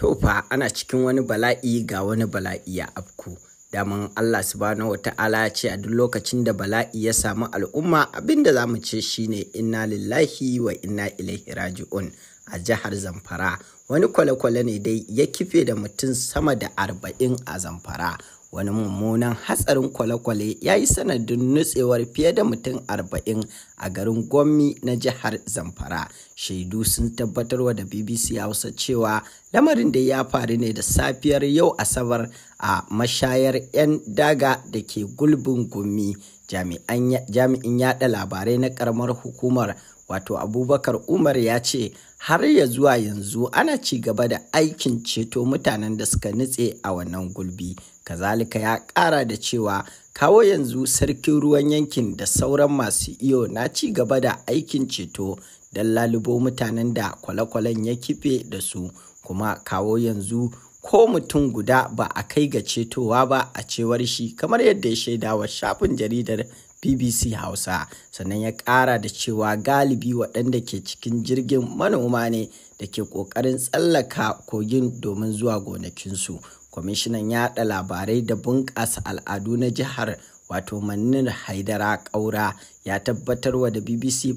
To fa ana cikin wani bala'i ga wani bala'i ya afku. Daman Allah subhanahu wata'ala ya ce a duk lokacin da bala'i ya samu al'umma Abin da za mu ce shine inna lillahi wa inna ilaihi raji'un a jihar Zamfara. Wani kwale-kwale ne dai ya kife da mutum sama da arba'in a Zamfara. wani mummunan hatsarin kwale-kwale ya yi sanadin nutsewar fiye da mutum 40 a garin gommi na jihar zamfara shaidu sun tabbatarwa da bbc hausa cewa lamarin da ya faru ne da safiyar yau asabar a mashayar 'yan daga da ke gulbin gumi jami'in yada labarai na karamar hukumar wato abubakar umar ya ce har ya zuwa yanzu ana ci gaba da aikin ceto mutanen da suka nutse a wannan gulbi kazalika ya ƙara da cewa kawo yanzu sarkin ruwan yankin da sauran masu iyo na ci gaba da aikin ceto don lalubo mutanen da kwale-kwalen ya kife da su kuma kawo yanzu ko mutum guda ba a kai ga cetowa ba a cewar shi kamar yadda ya shaida wa shafin jaridar BBC Hausa sannan ya ƙara da cewa galibi waɗanda ke cikin jirgin manoma ne da ke ƙoƙarin tsallaka kogin domin zuwa gonakinsu. Kwamishinan yaɗa labarai da bunƙasa al'adu na jihar wato Manin haidara kaura ya tabbatar wa da bbc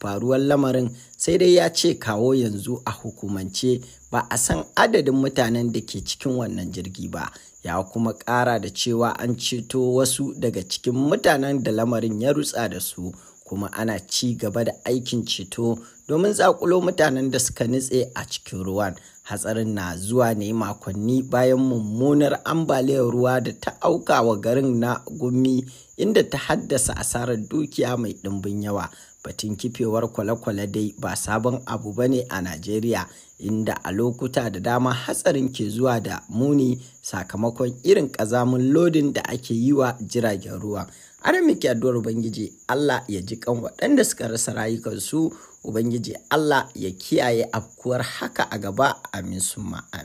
faruwar lamarin sai dai ya ce kawo yanzu a hukumance ba a san adadin mutanen da ke cikin wannan jirgi ba ya kuma ƙara da cewa an ceto wasu daga cikin mutanen da lamarin ya rutsa da su kuma ana ci gaba da aikin ceto domin zakulo mutanen da suka nutse a cikin ruwan hatsarin na zuwa ne makonni bayan mummunar ambaliyar ruwa da ta auka wa garin na gumi inda ta haddasa asarar dukiya mai ɗimbin yawa batun kifewar kwale-kwale dai ba sabon abu ba ne a najeriya inda a lokuta da dama hatsarin ke zuwa da muni sakamakon irin ƙazamin lodin da ake yi wa jiragen ruwa ana miki addu'ar ubangiji Allah ya ji kan waɗanda suka rasa rayukansu ubangiji Allah ya kiyaye afkuwar haka a gaba amin summa amin